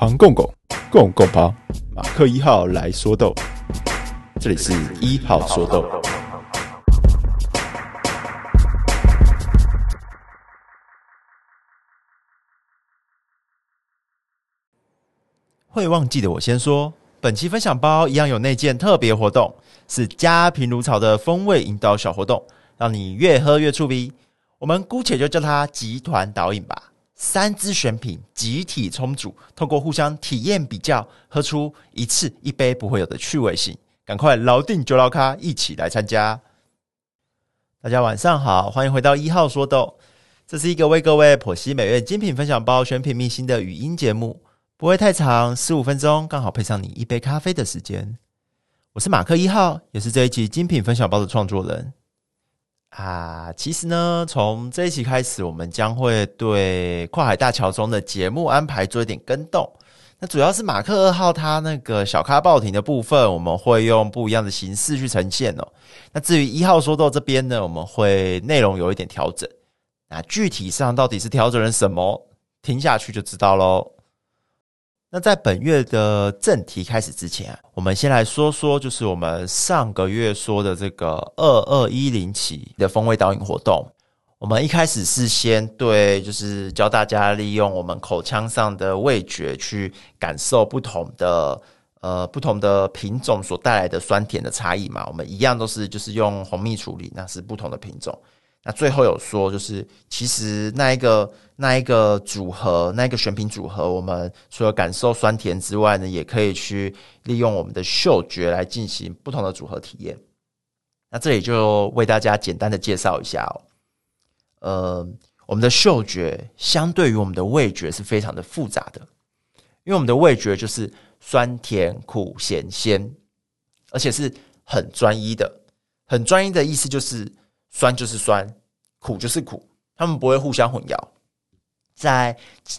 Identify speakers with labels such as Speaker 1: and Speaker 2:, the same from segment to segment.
Speaker 1: 龐公公，公公龐，馬克一號來說豆，這裡是一號說豆。會忘記的，我先說，本期分享包一樣有內件，特別活動是佳評如潮的風味引導小活動，讓你越喝越出逼，我們姑且就叫它集團導飲吧。三支選品集體沖煮，透過互相體驗比較，喝出一次一杯不會有的趣味性。趕快牢定九老咖，一起來參加！大家晚上好，歡迎回到一號說豆，這是一個為各位剖析每月精品分享包選品秘辛的語音節目，不會太長，十五分鐘剛好配上你一杯咖啡的時間。我是馬克一號，也是這一期精品分享包的創作人。啊，其實呢，從這一期開始，我們將會對跨海大橋中的節目安排做一點更動。那主要是馬克二號他那個小咖報亭的部分，我們會用不一樣的形式去呈現哦。那至於一號說豆這邊呢，我們會內容有一點調整。那具體上到底是調整了什麼，聽下去就知道嘍。那在本月的正題開始之前，啊，我們先來說說，就是我們上個月說的這個二二一零期的風味導引活動。我們一開始是先對，就是教大家利用我們口腔上的味覺去感受不同的呃不同的品種所帶來的酸甜的差異嘛。我們一樣都是就是用紅蜜處理，那是不同的品種。那最後有說，就是其實那一個那一個組合，那一個選品組合，我們除了感受酸甜之外呢，也可以去利用我們的嗅覺來進行不同的組合體驗。那這裡就為大家簡單的介紹一下哦。呃，我們的嗅覺相對於我們的味覺是非常的複雜的，因為我們的味覺就是酸甜苦鹹鮮，而且是很專一的。很專一的意思就是。酸就是酸，苦就是苦，他們不會互相混淆，在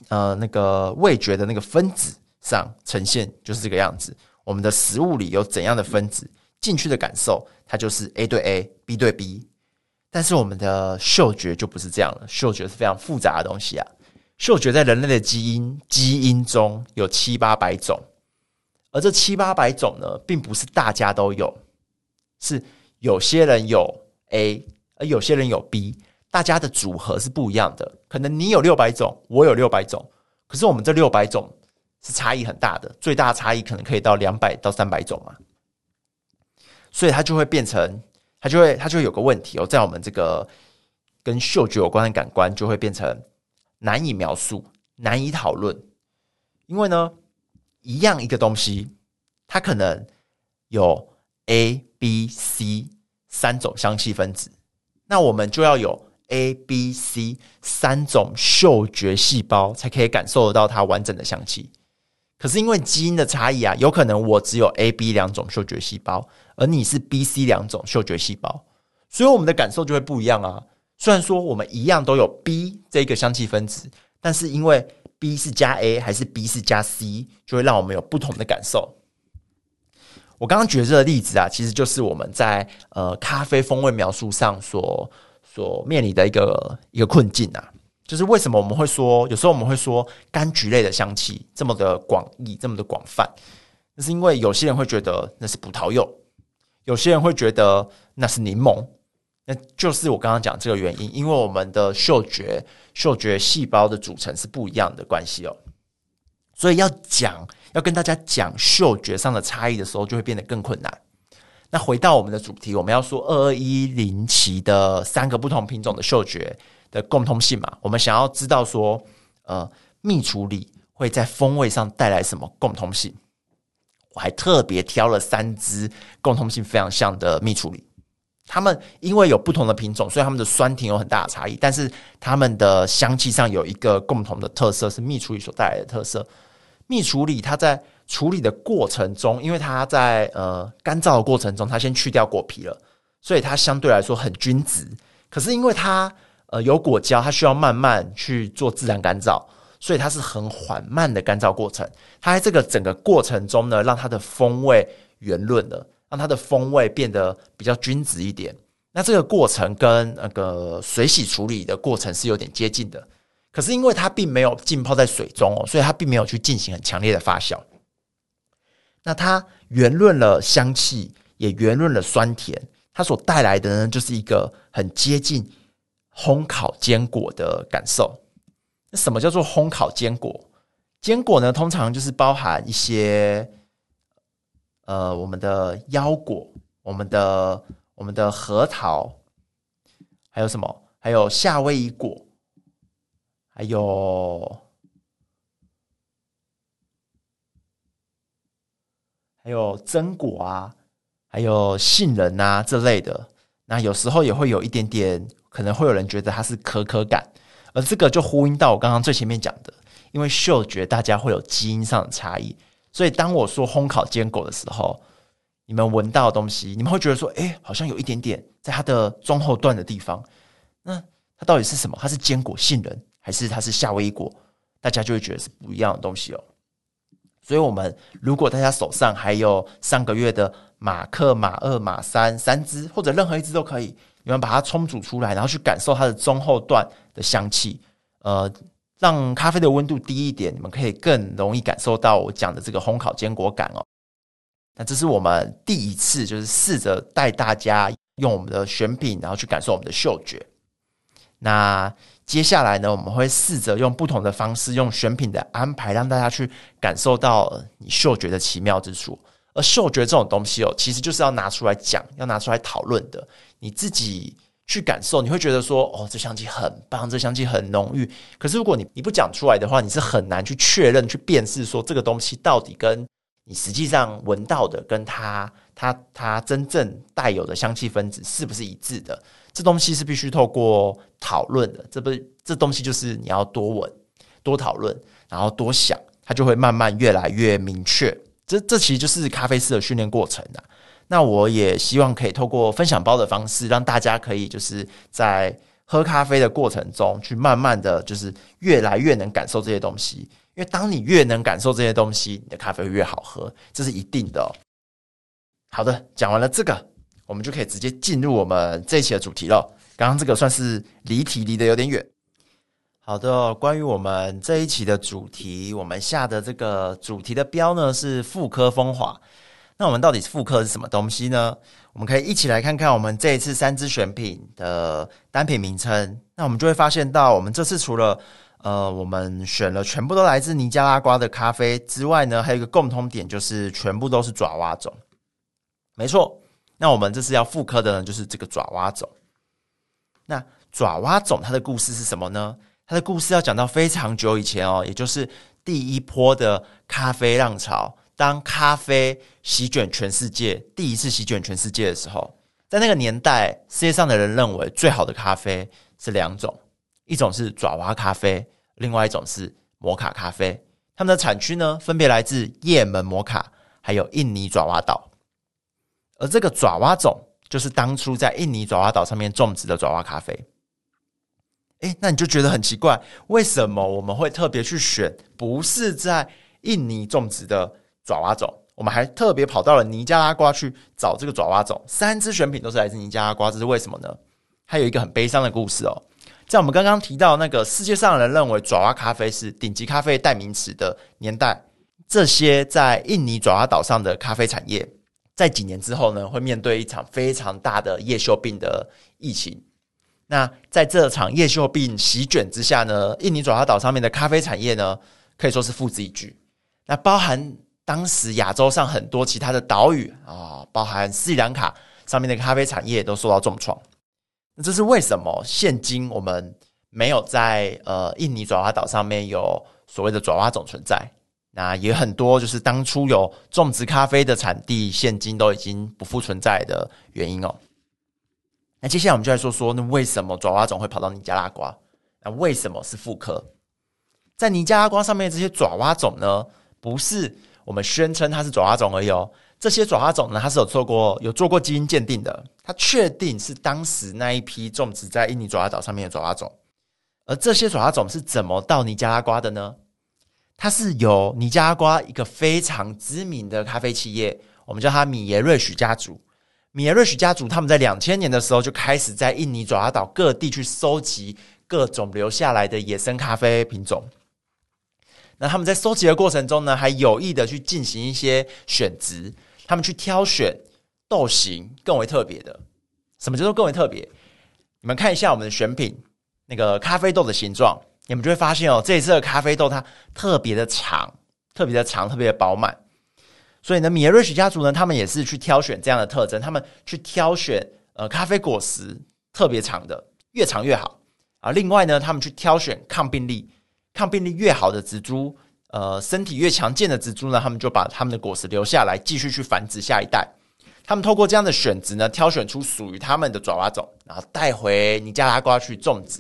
Speaker 1: 呃那個味覺的那個分子上呈現就是這個樣子。我們的食物裡有怎樣的分子進去的感受，它就是 A 對 A，B 對 B。但是我們的嗅覺就不是這樣了，嗅覺是非常複雜的東西啊。嗅覺在人類的基因基因中有七八百種，而這七八百種呢，並不是大家都有，是有些人有 A。而有些人有 B，大家的組合是不一樣的。可能你有六百種，我有六百種，可是我們這六百種是差異很大的，最大的差異可能可以到兩百到三百種嘛。所以它就會變成，它就會，它就會有個問題哦，在我們這個跟嗅覺有關的感官就會變成難以描述、難以討論。因為呢，一樣一個東西，它可能有 A、B、C 三種香氣分子。那我們就要有 A、B、C 三種嗅覺細胞，才可以感受得到它完整的香氣。可是因為基因的差異啊，有可能我只有 A、B 兩種嗅覺細胞，而你是 B、C 兩種嗅覺細胞，所以我們的感受就會不一樣啊。雖然說我們一樣都有 B 這個香氣分子，但是因為 B 是加 A 還是 B 是加 C，就會讓我們有不同的感受。我剛剛舉的這個例子啊，其實就是我們在呃咖啡風味描述上所所面臨的一個一個困境啊，就是為什麼我們會說，有時候我們會說柑橘類的香氣這麼的廣義，這麼的廣泛，那是因為有些人會覺得那是葡萄柚，有些人會覺得那是檸檬，那就是我剛剛講這個原因，因為我們的嗅覺嗅覺細胞的組成是不一樣的關係哦，所以要講。要跟大家講嗅覺上的差異的時候，就會變得更困難。那回到我們的主題，我們要說二二一零期的三個不同品種的嗅覺的共通性嘛？我們想要知道說，呃，蜜處理會在風味上帶來什麼共通性？我還特別挑了三支共通性非常像的蜜處理，他們因為有不同的品種，所以他們的酸甜有很大的差異，但是他們的香氣上有一個共同的特色，是蜜處理所帶來的特色。蜜處理，它在處理的過程中，因為它在呃乾燥的過程中，它先去掉果皮了，所以它相對來說很均質。可是因為它呃有果膠，它需要慢慢去做自然乾燥，所以它是很緩慢的乾燥過程。它在這個整個過程中呢，讓它的風味圓潤了，讓它的風味變得比較均質一點。那這個過程跟那個水洗處理的過程是有點接近的。可是因為它並沒有浸泡在水中哦，所以它並沒有去進行很強烈的發酵。那它圓潤了香氣，也圓潤了酸甜。它所帶來的呢，就是一個很接近烘烤堅果的感受。那什麼叫做烘烤堅果？堅果呢，通常就是包含一些，呃，我們的腰果，我們的我們的核桃，還有什麼？還有夏威夷果。還有，還有榛果啊，還有杏仁啊這類的。那有時候也會有一點點，可能會有人覺得它是可可感，而這個就呼應到我剛剛最前面講的，因為嗅覺大家會有基因上的差異，所以當我說烘烤堅果的時候，你們聞到的東西，你們會覺得說，哎，好像有一點點，在它的中後段的地方，那它到底是什麼？它是堅果、杏仁？還是它是夏威夷果，大家就會覺得是不一樣的東西哦。所以，我們如果大家手上還有上個月的馬克、馬二、馬三三支或者任何一支都可以，你們把它沖煮出來，然後去感受它的中後段的香氣。呃，讓咖啡的溫度低一點，你們可以更容易感受到我講的這個烘烤堅果感哦。那這是我們第一次，就是試着帶大家用我們的選品，然後去感受我們的嗅覺。那接下來呢？我們會試着用不同的方式，用選品的安排，讓大家去感受到，呃、你嗅覺的奇妙之處。而嗅覺這種東西哦，其實就是要拿出來講，要拿出來討論的。你自己去感受，你會覺得說：“哦，這香氣很棒，這香氣很濃郁。”可是如果你你不講出來的話，你是很難去確認，去辨識說這個東西到底跟你實際上聞到的，跟它它它真正帶有的香氣分子是不是一致的。這東西是必須透過討論的，這不是，這東西就是你要多問、多討論，然後多想，它就會慢慢越來越明確。這這其實就是咖啡師的訓練過程啊。那我也希望可以透過分享包的方式，讓大家可以就是在喝咖啡的過程中，去慢慢的就是越來越能感受這些東西。因為當你越能感受這些東西，你的咖啡會越好喝，這是一定的哦。好的，講完了這個。我們就可以直接進入我們這一期的主題了。剛剛這個算是離題離得有點遠。好的，關於我們這一期的主題，我們下的這個主題的標呢是復刻風華。那我們到底復刻是什麼東西呢？我們可以一起來看看我們這一次三支選品的單品名稱。那我們就會發現到，我們這次除了呃，我們選了全部都來自尼加拉瓜的咖啡之外呢，還有一個共通點就是全部都是爪哇種。沒錯。那我們這次要複刻的呢，就是這個爪哇種。那爪哇種它的故事是什麼呢？它的故事要講到非常久以前哦，也就是第一波的咖啡浪潮，當咖啡席，席捲全世界，第一次席捲全世界的時候，在那個年代，世界上的人認為最好的咖啡是兩種，一種是爪哇咖啡，另外一種是摩卡咖啡。它們的產區呢，分別來自葉門摩卡，還有印尼爪哇島。而這個爪哇種就是當初在印尼爪哇島上面種植的爪哇咖啡。欸，那你就覺得很奇怪，為什麼我們會特別去選不是在印尼種植的爪哇種？我們還特別跑到了尼加拉瓜去找這個爪哇種，三支選品都是來自尼加拉瓜，這是為什麼呢？還有一個很悲傷的故事哦，在我們剛剛提到那個世界上人認為爪哇咖啡是頂級咖啡代名詞的年代，這些在印尼爪哇島上的咖啡產業。在幾年之後呢，會面對一場非常大的葉鏽病的疫情。那在這場葉鏽病席卷之下呢，印尼爪哇島上面的咖啡產業呢，可以說是付之一炬。那包含當時亞洲上很多其他的島嶼啊、哦，包含斯里蘭卡上面的咖啡產業都受到重創。那這是為什麼？現今我們沒有在呃印尼爪哇島上面有所謂的爪哇種存在？那也很多，就是當初有種植咖啡的產地，現今都已經不復存在的原因哦。那接下來我們就來說說，那為什麼爪哇種會跑到尼加拉瓜？那為什麼是複刻？在尼加拉瓜上面的這些爪哇種呢？不是我們宣稱它是爪哇種而已哦。這些爪哇種呢，它是有做過有做過基因鑑定的，它確定是當時那一批種植在印尼爪哇島上面的爪哇種。而這些爪哇種是怎麼到尼加拉瓜的呢？它是由尼加拉瓜一個非常知名的咖啡企業，我們叫它米耶瑞許家族。米耶瑞許家族他們在兩千年的時候就開始在印尼爪哇島各地去收集各種留下來的野生咖啡品種。那他們在收集的過程中呢，還有意的去進行一些選擇，他們去挑選豆形更為特別的。什麼叫做更為特別？你們看一下我們的選品，那個咖啡豆的形狀。你們就會發現哦，這一次的咖啡豆它特別的長，特別的長，特別的飽滿。所以呢，米瑞許家族呢，他們也是去挑選這樣的特徵，他們去挑選呃咖啡果實特別長的，越長越好啊。另外呢，他們去挑選抗病力、抗病力越好的植株，呃，身體越強健的植株呢，他們就把他們的果實留下來，繼續去繁殖下一代。他們透過這樣的選擇呢，挑選出屬於他們的爪哇種，然後帶回尼加拉瓜去種植。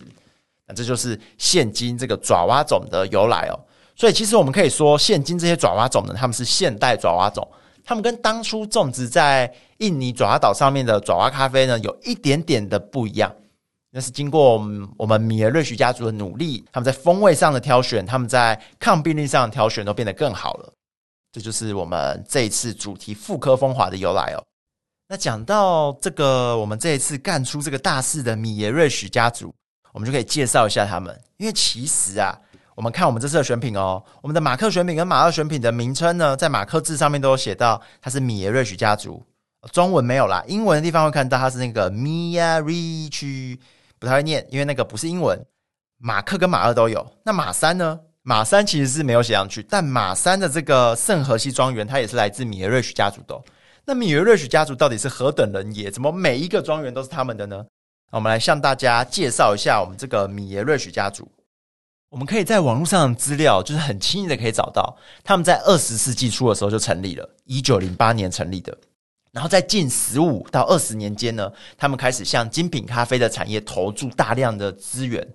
Speaker 1: 那這就是現今這個爪哇種的由來哦。所以其實我們可以說，現今這些爪哇種呢，他們是現代爪哇種，他們跟當初種植在印尼爪哇島上面的爪哇咖啡呢，有一點點的不一樣。那是經過我們米耶瑞許家族的努力，他們在風味上的挑選，他們在抗病力上的挑選都變得更好了。這就是我們這一次主題復刻風華的由來哦。那講到這個，我們這一次幹出這個大事的米耶瑞許家族。我們就可以介紹一下他們，因為其實啊，我們看我們這次的選品哦，我們的馬克選品跟馬二選品的名稱呢，在馬克字上面都有寫到，它是米耶瑞許家族，中文沒有啦，英文的地方會看到它是那個米耶瑞區，不太會念，因為那個不是英文。馬克跟馬二都有，那馬三呢？馬三其實是沒有寫上去，但馬三的這個聖荷西莊園，它也是來自米耶瑞許家族的哦。那米耶瑞許家族到底是何等人也？怎麼每一個莊園都是他們的呢？我們來向大家介紹一下我們這個米耶瑞許家族。我們可以在網絡上的資料，就是很輕易的可以找到。他們在二十世紀初的時候就成立了，一九零八年成立的。然後在近十五到二十年間呢，他們開始向精品咖啡的產業投注大量的資源。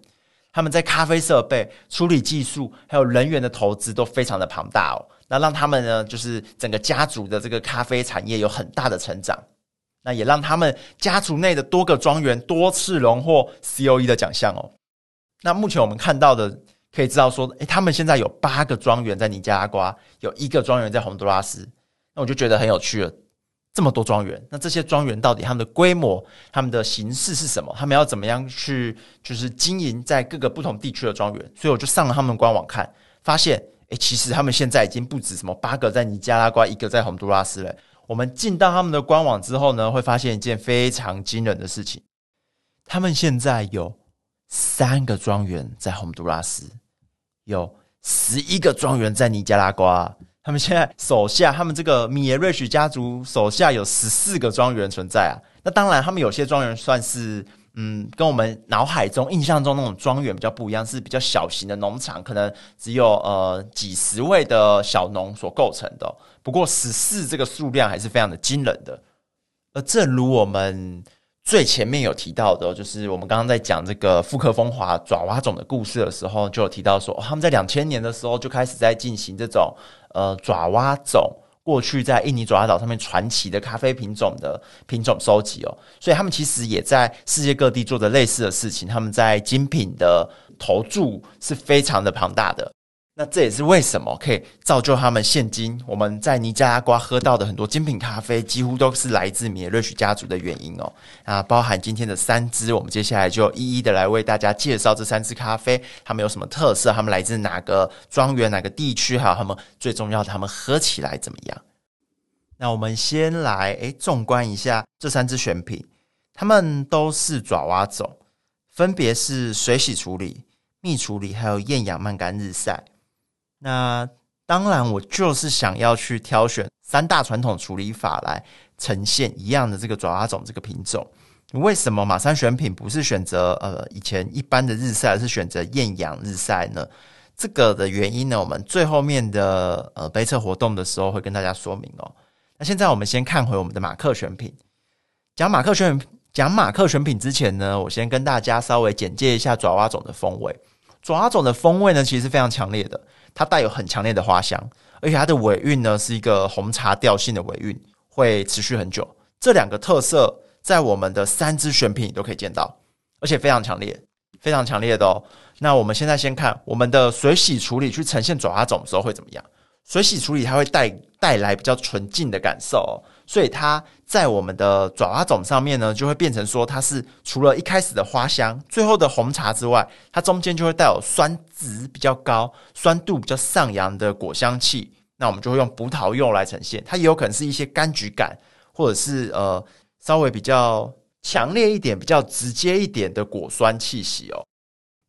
Speaker 1: 他們在咖啡設備、處理技術，還有人員的投資都非常的龐大哦。那讓他們呢，就是整個家族的這個咖啡產業有很大的成長。那也讓他們家族內的多個莊園多次榮獲 COE 的獎項哦。那目前我們看到的可以知道說，誒、欸、他們現在有八個莊園在尼加拉瓜，有一個莊園在洪都拉斯。那我就覺得很有趣了，這麼多莊園，那這些莊園到底他們的規模、他們的形式是什麼？他們要怎麼樣去就是經營在各個不同地區的莊園？所以我就上了他們官網看，發現，誒、欸、其實他們現在已經不止什麼八個在尼加拉瓜，一個在洪都拉斯了。我們進到他們的官網之後呢，會發現一件非常驚人的事情：他們現在有三個莊園在洪都拉斯，有十一個莊園在尼加拉瓜。他們現在手下，他們這個米耶瑞奇家族手下有十四個莊園存在啊。那當然，他們有些莊園算是。嗯，跟我們腦海中印象中那種莊園比較不一樣，是比較小型的農場，可能只有呃幾十位的小農所構成的哦。不過十四這個數量還是非常的驚人的。而正如我們最前面有提到的，就是我們剛剛在講這個複刻風華爪哇種的故事的時候，就有提到說，哦，他們在兩千年的時候就開始在進行這種呃爪哇種。過去在印尼爪哇島上面傳奇的咖啡品種的品種收集哦，所以他們其實也在世界各地做的類似的事情，他們在精品的投注是非常的龐大的。那這也是為什麼可以造就他們現今我們在尼加拉瓜喝到的很多精品咖啡，幾乎都是來自米瑞許家族的原因哦。那包含今天的三支，我們接下來就一一的來為大家介紹這三支咖啡，他們有什麼特色，他們來自哪個莊園、哪個地區，還有他們最重要的，他們喝起來怎麼樣？那我們先來哎，縱觀一下這三支選品，他們都是爪哇種，分別是水洗處理、蜜處理，還有厭氧慢乾日曬。那當然，我就是想要去挑選三大傳統處理法來呈現一樣的這個爪哇種這個品種。為什麼馬山選品不是選擇呃以前一般的日曬，而是選擇艷陽日曬呢？這個的原因呢，我們最後面的呃杯測活動的時候會跟大家說明哦。那現在我們先看回我們的馬克選品。講馬克選講馬克選品之前呢，我先跟大家稍微簡介一下爪哇種的風味。爪哇種的風味呢，其實是非常強烈的。它帶有很強烈的花香，而且它的尾韻呢是一個紅茶調性的尾韻，會持續很久。這兩個特色在我們的三支選品都可以見到，而且非常強烈，非常強烈的哦。那我們現在先看我們的水洗處理去呈現爪哇種的時候會怎麼樣？水洗處理它會帶帶來比較純淨的感受哦。所以它在我們的爪哇種上面呢，就會變成說它是除了一開始的花香，最後的紅茶之外，它中間就會帶有酸質比較高、酸度比較上揚的果香氣。那我們就會用葡萄柚來呈現，它也有可能是一些柑橘感，或者是呃稍微比較強烈一點、比較直接一點的果酸氣息哦。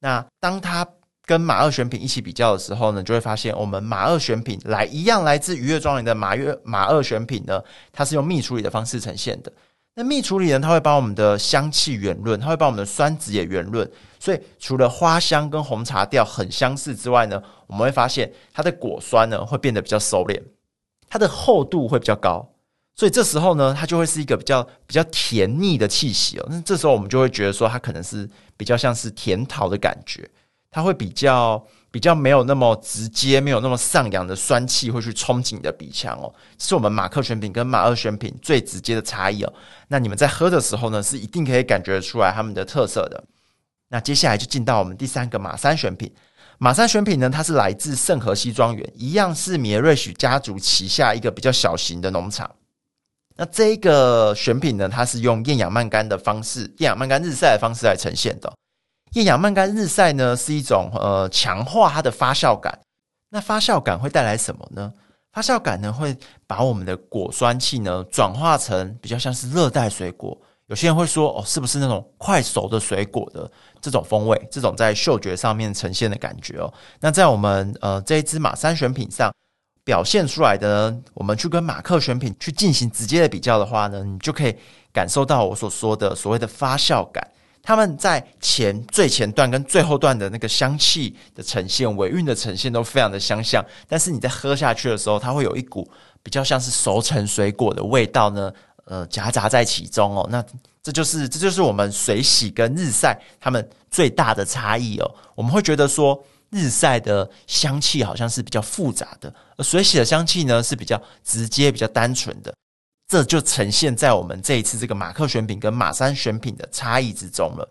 Speaker 1: 那當它跟馬二選品一起比較的時候呢，就會發現我們馬二選品來一樣來自愉悅莊園的馬月馬二選品呢，它是用蜜處理的方式呈現的。那蜜處理呢，它會把我們的香氣圓潤，它會把我們的酸質也圓潤。所以除了花香跟紅茶調很相似之外呢，我們會發現它的果酸呢會變得比較收斂，它的厚度會比較高。所以這時候呢，它就會是一個比較比較甜膩的氣息哦、喔。那這時候我們就會覺得說，它可能是比較像是甜桃的感覺。它會比較比較沒有那麼直接，沒有那麼上揚的酸氣會去沖擊你的鼻腔哦，是我們馬克選品跟馬二選品最直接的差異哦。那你們在喝的時候呢，是一定可以感覺出來他們的特色的。那接下來就進到我們第三個馬三選品，馬三選品呢，它是來自聖荷西莊園，一樣是米瑞許家族，族旗下一個比較小型的農場。那這個選品呢，它是用厭氧慢乾的方式，厭氧慢乾日曬的方式來呈現的。豔陽慢乾日曬呢，是一種呃強化它的發酵感。那發酵感會帶來什麼呢？發酵感呢，會把我們的果酸氣呢轉化成比較像是熱帶水果。有些人會說哦，是不是那種快熟的水果的這種風味，這種在嗅覺上面呈現的感覺哦。那在我們呃這一支馬三選品上表現出來的呢，我們去跟馬克選品去進行直接的比較的話呢，你就可以感受到我所說的所謂的發酵感。他們在前最前段跟最後段的那個香氣的呈現、尾韻的呈現都非常的相像，但是你在喝下去的時候，它會有一股比較像是熟成水果的味道呢，呃，夾雜在其中哦。那這就是這就是我們水洗跟日曬他們最大的差異哦。我們會覺得說，日曬的香氣好像是比較複雜的，而水洗的香氣呢是比較直接、比較單純的。這就呈現在我們這一次這個馬克選品跟馬三選品的差異之中了。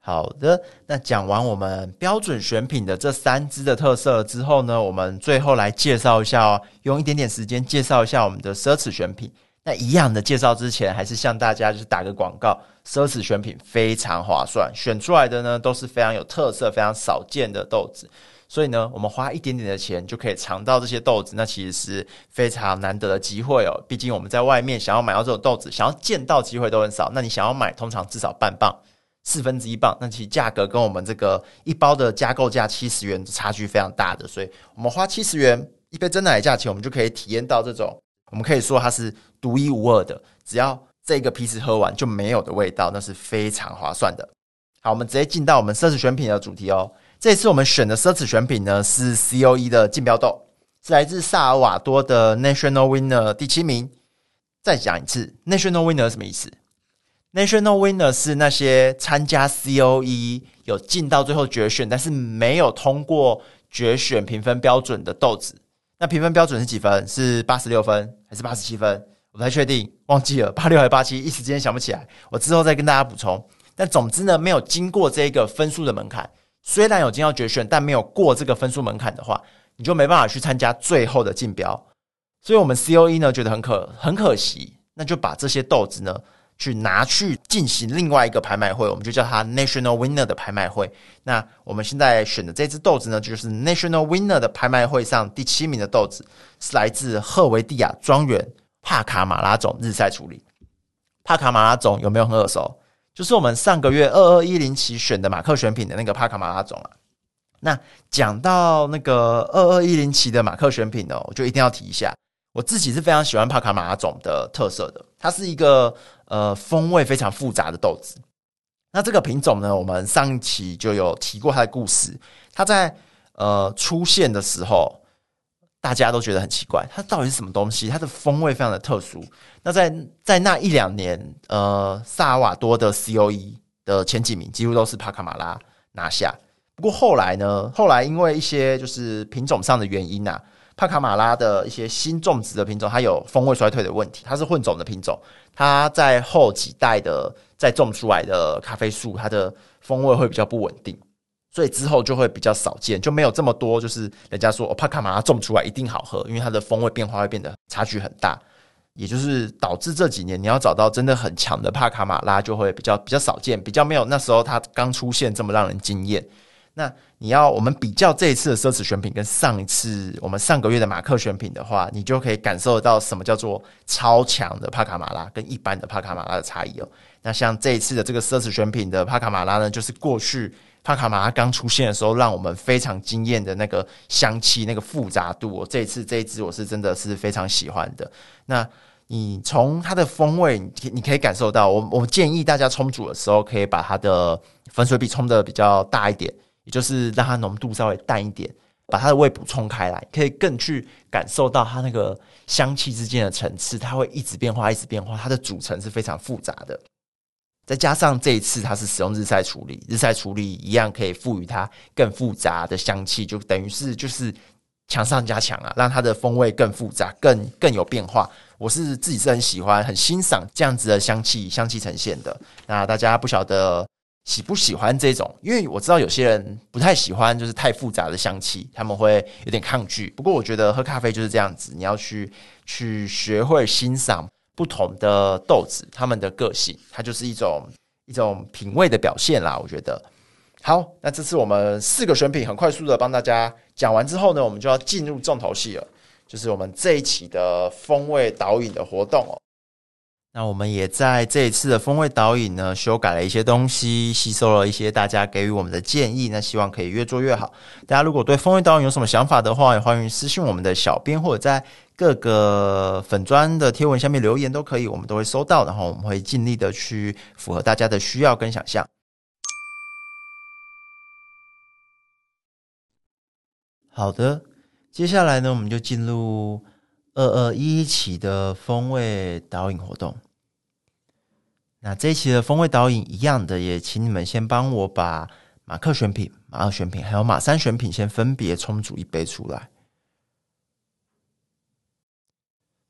Speaker 1: 好的，那講完我們標準選品的這三支的特色之後呢，我們最後來介紹一下哦，用一點點時間介紹一下我們的奢侈選品。那一樣的介紹之前，還是向大家就是打個廣告，奢侈選品非常划算，選出來的呢都是非常有特色、非常少見的豆子。所以呢，我們花一點點的錢就可以嚐到這些豆子，那其實是非常難得的機會哦。畢竟我們在外面想要買到這種豆子，想要見到的機會都很少。那你想要買，通常至少半磅、四分之一磅，那其實價格跟我們這個一包的加購價七十元差距非常大的。所以，我們花七十元一杯珍奶的價錢，我們就可以體驗到這種，我們可以說它是獨一無二的。只要這個批次喝完就沒有的味道，那是非常划算的。好，我們直接進到我們奢侈選品的主題哦。這次我們選的奢侈選品呢，是 COE 的競標豆，是來自薩爾瓦多的 National Winner 第七名。再講一次，National Winner 是什麼意思？National Winner 是那些參加 COE 有進到最後決選，但是沒有通過決選評分標準的豆子。那評分標準是幾分？是八十六分還是八十七分？我不太確定，忘記了八六還是八七，一時間想不起來。我之後再跟大家補充。但總之呢，沒有經過這一個分數的門檻。雖然有進到決選，但沒有過這個分數門檻的話，你就沒辦法去參加最後的競標。所以，我們 C O E 呢覺得很可很可惜，那就把這些豆子呢去拿去進行另外一個拍賣會，我們就叫它 National Winner 的拍賣會。那我們現在選的這只豆子呢，就是 National Winner 的拍賣會上第七名的豆子，是來自赫維蒂亞莊園帕卡馬拉種日曬處理。帕卡馬拉種有沒有很耳熟？就是我們上個月二二一零期選的馬克選品的那個帕卡馬拉種啊。那講到那個二二一零期的馬克選品呢、哦，我就一定要提一下，我自己是非常喜歡帕卡馬拉種的特色的，它是一個呃風味非常複雜的豆子。那這個品種呢，我們上一期就有提過它的故事，它在呃出現的時候。大家都覺得很奇怪，它到底是什麼東西？它的風味非常的特殊。那在在那一兩年，呃，薩爾瓦多的 COE 的前幾名幾乎都是帕卡馬拉拿下。不過後來呢，後來因為一些就是品種上的原因啊，帕卡馬拉的一些新種植的品種，它有風味衰退的問題。它是混種的品種，它在後幾代的再種出來的咖啡樹，它的風味會比較不穩定。所以之後就會比較少見，就沒有這麼多，就是人家說，哦，帕卡馬拉種出來一定好喝，因為它的風味變化會變得差距很大，也就是導致這幾年你要找到真的很強的帕卡馬拉就會比較比較少見，比較沒有那時候它剛出現這麼讓人驚艷。那你要我們比較這一次的奢侈選品跟上一次我們上個月的馬克選品的話，你就可以感受得到什麼叫做超強的帕卡馬拉跟一般的帕卡馬拉的差異哦。那像這一次的這個奢侈選品的帕卡馬拉呢，就是過去。帕卡瑪它剛出現的時候，讓我們非常驚艷的那個香氣、那個複雜度。這一次這一支我是真的是非常喜歡的。那你從它的風味，你你可以感受到。我我建議大家沖煮的時候，可以把它的粉水比沖的比較大一點，也就是讓它濃度稍微淡一點，把它的味補充開來，可以更去感受到它那個香氣之間的層次。它會一直變化，一直變化。它的組成是非常複雜的。再加上這一次它是使用日曬處理，日曬處理一樣可以賦予它更複雜的香氣，就等於是就是強上加強啊，讓它的風味更複雜、更更有變化。我是自己是很喜歡、很欣賞這樣子的香氣、香氣呈現的。那大家不曉得喜不喜歡這種，因為我知道有些人不太喜歡，就是太複雜的香氣，他們會有點抗拒。不過我覺得喝咖啡就是這樣子，你要去去學會欣賞。不同的豆子，他們的個性，它就是一種一種品味的表現啦。我覺得。好，那這次我們四個選品很快速的幫大家講完之後呢，我們就要進入重頭戲了，就是我們這一期的風味導引的活動哦。那我們也在這一次的風味導引呢，修改了一些東西，吸收了一些大家給予我們的建議，那希望可以越做越好。大家如果對風味導引有什麼想法的話，也歡迎私信我們的小編或者在各個粉專的貼文下面留言都可以，我們都會收到，然後我們會盡力的去符合大家的需要跟想象。好的，接下來呢，我們就進入二二一一期的風味導引活動。那這一期的風味導引一樣的，也請你們先幫我把馬克選品、馬二選品還有馬三選品先分別沖煮一杯出來。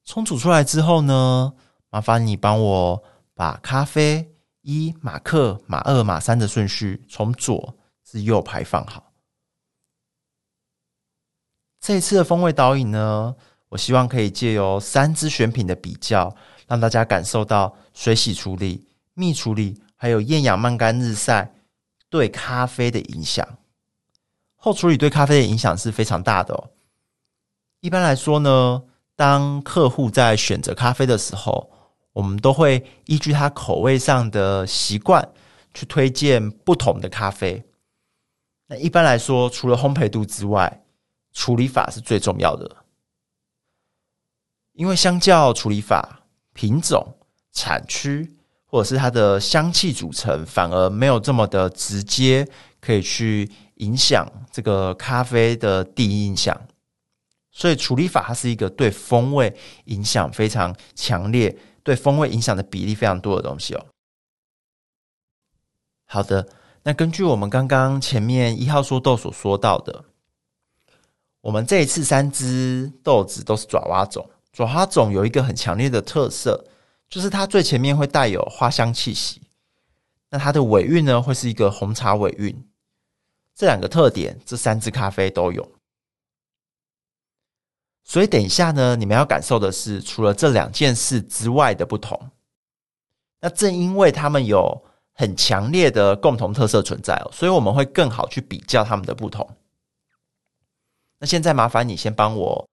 Speaker 1: 沖煮出來之後呢，麻煩你幫我把咖啡一、馬克、馬二、馬三的順序從左至右排放好。這一次的風味導引呢，我希望可以借由三支選品的比較，讓大家感受到水洗處理、蜜處理還有厭氧慢乾日曬對咖啡的影響。後處理對咖啡的影響是非常大的哦。一般來說呢。當客戶在選擇咖啡的時候，我們都會依據他口味上的習慣去推薦不同的咖啡。那一般來說，除了烘焙度之外，處理法是最重要的。因為相較處理法、品種、產區或者是它的香氣組成，反而沒有這麼的直接可以去影響這個咖啡的第一印象。所以處理法它是一個對風味影響非常強烈，對風味影響的比例非常多的東西哦。好的，那根據我們剛剛前面一號說豆所說到的，我們這一次三支豆子都是爪哇種，爪哇種有一個很強烈的特色，就是它最前面會帶有花香氣息，那它的尾韻呢，會是一個紅茶尾韻，這兩個特點這三支咖啡都有。所以等一下呢，你們要感受的是除了這兩件事之外的不同。那正因為他們有很強烈的共同特色存在哦，所以我們會更好去比較他們的不同。那現在麻煩你先幫我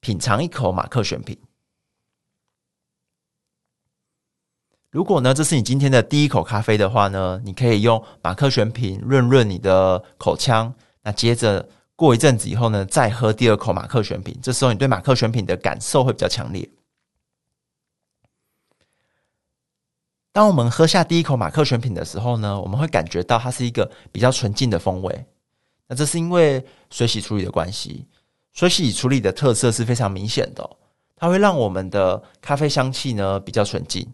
Speaker 1: 品嘗一口馬克選品。如果呢，這是你今天的第一口咖啡的話呢，你可以用馬克選品潤潤你的口腔。那接着。過一陣子以後呢，再喝第二口馬克選品，這時候你對馬克選品的感受會比較強烈。當我們喝下第一口馬克選品的時候呢，我們會感覺到它是一個比較純淨的風味。那這是因為水洗處理的關係，水洗處理的特色是非常明顯的、哦，它會讓我們的咖啡香氣呢比較純淨。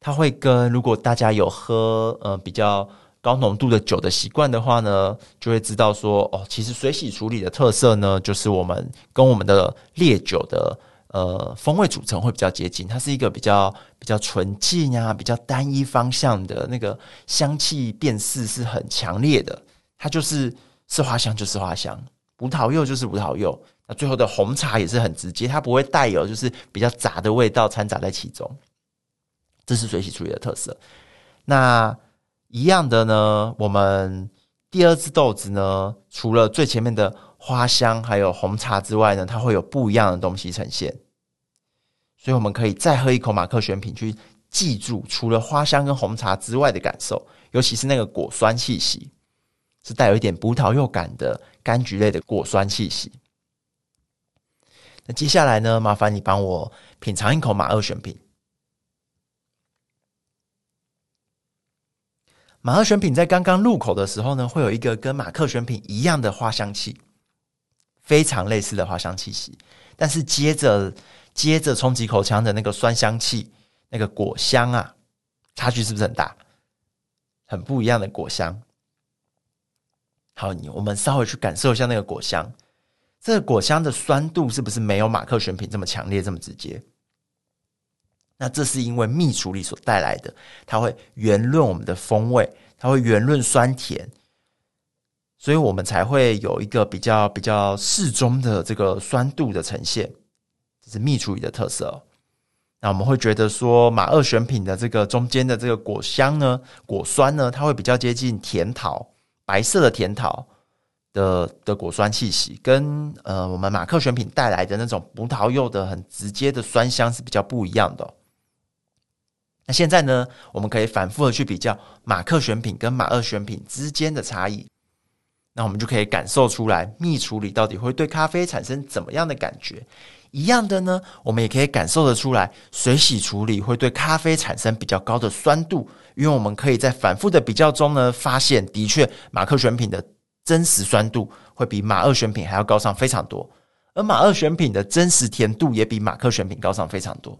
Speaker 1: 它會跟如果大家有喝呃比較。高濃度的酒的習慣的話呢，就會知道說哦，其實水洗處理的特色呢，就是我們跟我們的烈酒的呃風味組成會比較接近。它是一個比較比較純淨啊，比較單一方向的那個香氣辨識是很強烈的。它就是是花香就是花香，葡萄柚就是葡萄柚。那最後的紅茶也是很直接，它不會帶有就是比較雜的味道摻雜在其中。這是水洗處理的特色。那。一樣的呢，我們第二支豆子呢，除了最前面的花香還有紅茶之外呢，它會有不一樣的東西呈現，所以我們可以再喝一口馬克選品去記住，除了花香跟紅茶之外的感受，尤其是那個果酸氣息，是帶有一點葡萄柚感的柑橘類的果酸氣息。那接下來呢，麻煩你幫我品嘗一口馬二選品。馬克選品在剛剛入口的時候呢，會有一個跟馬克選品一樣的花香氣，非常類似的花香氣息。但是接着接着衝擊口腔的那個酸香氣，那個果香啊，差距是不是很大？很不一樣的果香。好，你我們稍微去感受一下那個果香，這個果香的酸度是不是沒有馬克選品這麼強烈，這麼直接？那這是因為蜜處理所帶來的，它會圓潤我們的風味，它會圓潤酸甜，所以我們才會有一個比較比較適中的這個酸度的呈現，這是蜜處理的特色哦。那我們會覺得說馬二選品的這個中間的這個果香呢，果酸呢，它會比較接近甜桃、白色的甜桃的的果酸氣息，跟呃我們馬克選品帶來的那種葡萄柚的很直接的酸香是比較不一樣的哦。那現在呢，我們可以反覆的去比較馬克選品跟馬二選品之間的差異，那我們就可以感受出來蜜處理到底會對咖啡產生怎麼樣的感覺。一樣的呢，我們也可以感受得出來水洗處理會對咖啡產生比較高的酸度，因為我們可以在反覆的比較中呢，發現的確馬克選品的真實酸度會比馬二選品還要高上非常多，而馬二選品的真實甜度也比馬克選品高上非常多。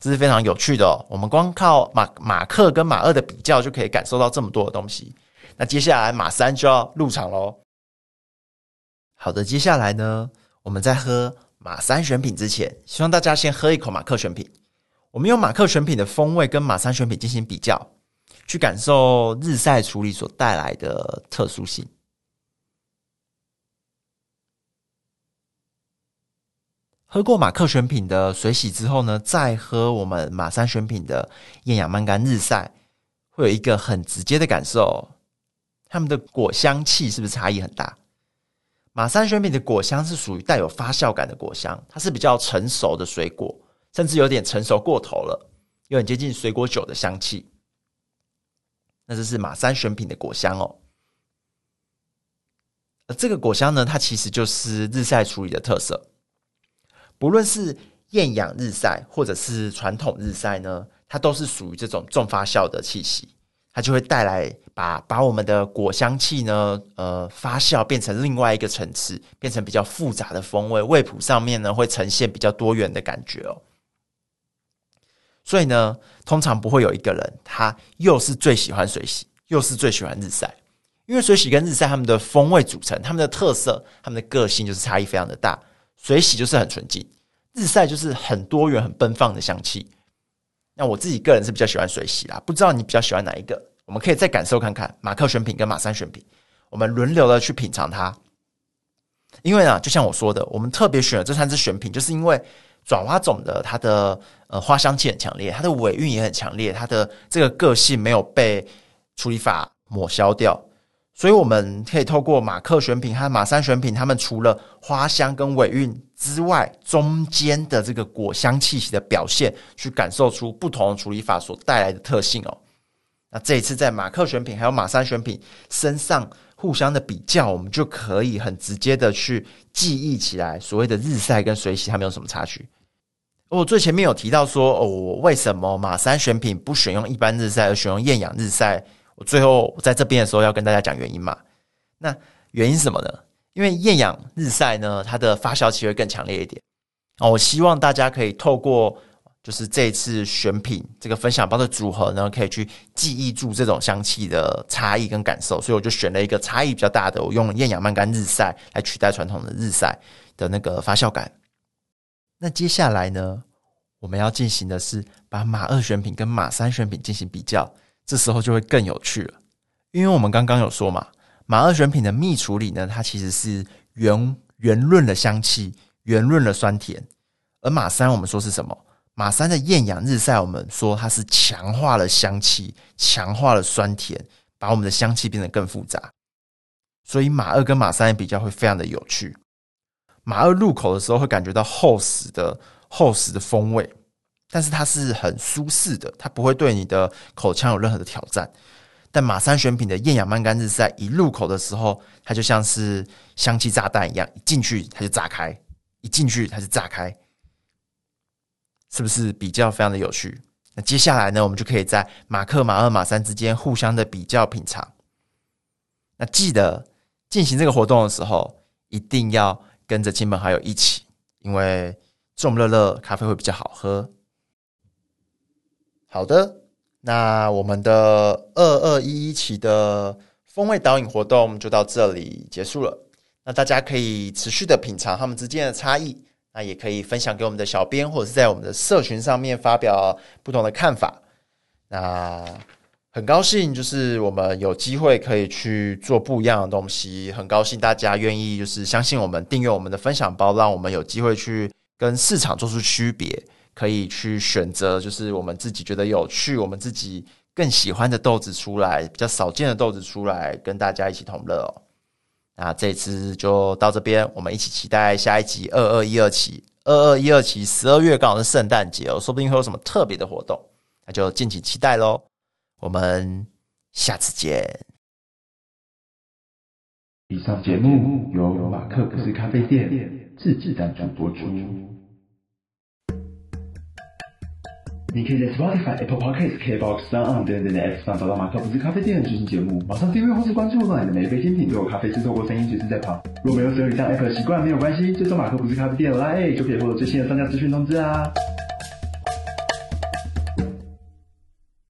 Speaker 1: 這是非常有趣的哦，我們光靠馬馬克跟馬二的比較就可以感受到這麼多的東西。那接下來馬三就要入場嘍。好的，接下來呢，我們在喝馬三選品之前，希望大家先喝一口馬克選品，我們用馬克選品的風味跟馬三選品進行比較，去感受日曬處理所帶來的特殊性。喝過馬克選品的水洗之後呢，再喝我們馬山選品的艷陽慢乾日曬，會有一個很直接的感受哦，他們的果香氣是不是差異很大？馬山選品的果香是屬於帶有發酵感的果香，它是比較成熟的水果，甚至有點成熟過頭了，有點接近水果酒的香氣。那這是馬山選品的果香哦，而這個果香呢，它其實就是日曬處理的特色。不論是厭氧日曬，或者是傳統日曬呢，它都是屬於這種重發酵的氣息，它就會帶來把把我們的果香氣呢，呃，發酵變成另外一個層次，變成比較複雜的風味，味譜上面呢會呈現比較多元的感覺哦。所以呢，通常不會有一個人他又是最喜歡水洗，又是最喜歡日曬，因為水洗跟日曬他們的風味組成、他們的特色、他們的個性就是差異非常的大。水洗就是很純淨，日曬就是很多元、很奔放的香氣。那我自己個人是比較喜歡水洗啦，不知道你比較喜歡哪一個？我們可以再感受看看馬克選品跟馬三選品，我們輪流的去品嘗它。因為呢，就像我說的，我們特別選了這三支選品，就是因為爪哇種的它的呃花香氣很強烈，它的尾韻也很強烈，它的這個個性沒有被處理法抹消掉。所以我們可以透過馬克選品和馬三選品，他們除了花香跟尾韻之外，中間的這個果香氣息的表現，去感受出不同的處理法所帶來的特性哦。那這一次在馬克選品還有馬三選品身上互相的比較，我們就可以很直接的去記憶起來所謂的日曬跟水洗它們有什麼差距。我最前面有提到說，哦，為什麼馬三選品不選用一般日曬，而選用厭氧日曬？我最後我在這邊的時候要跟大家講原因嘛？那原因是什麼呢？因為厭氧日曬呢，它的發酵期會更強烈一點。我希望大家可以透過就是這次選品這個分享包的組合呢，可以去記憶住這種香氣的差異跟感受。所以我就選了一個差異比較大的，我用厭氧慢乾日曬來取代傳統的日曬的那個發酵感。那接下來呢，我們要進行的是把馬二選品跟馬三選品進行比較。這時候就會更有趣了，因為我們剛剛有說嘛，馬二選品的蜜處理呢，它其實是圓圓潤的香氣，圓潤的酸甜。而馬三我們說是什麼？馬三的豔陽日曬，我們說它是強化了香氣，強化了酸甜，把我們的香氣變得更複雜。所以馬二跟馬三比較會非常的有趣。馬二入口的時候會感覺到厚實的厚實的風味。但是它是很舒適的，它不會對你的口腔有任何的挑戰。但馬三選品的厭氧慢乾日曬，在一入口的時候，它就像是香氣炸彈一樣，一進去它就炸開，一進去它就炸開，是不是比較非常的有趣？那接下來呢，我們就可以在馬克、馬二、馬三之間互相的比較品嘗。那記得進行這個活動的時候，一定要跟着親朋好友一起，因為眾樂樂咖啡會比較好喝。好的，那我們的二二一一期的風味導引活動就到這裡結束了。那大家可以持續的品嘗他們之間的差異，那也可以分享給我們的小編，或者是在我們的社群上面發表不同的看法。那很高興，就是我們有機會可以去做不一樣的東西，很高興大家願意就是相信我們，訂閱我們的分享包，讓我們有機會去跟市場做出區別。可以去選擇，就是我們自己覺得有趣、我們自己更喜歡的豆子出來，比較少見的豆子出來，跟大家一起同樂哦。那這次就到這邊，我們一起期待下一集二二一二期，二二一二期十二月剛好是聖誕節哦，說不定會有什麼特別的活動，那就敬請期待嘍。我們下次見。以上節目由馬克不是咖啡店自己贊助播出。你可以在 Spotify、啊、Apple Podcast KBox、SoundOn 等等的 app 上找到馬克不是咖啡店的最新節目。馬上訂閱或是關注，讓你的每一杯精品都有咖啡師透過聲音隨時在旁。如果沒有使用以上 app 的習慣沒有關係，就搜馬克不是咖啡店的哎，就可以獲得最新的商家資訊通知啊。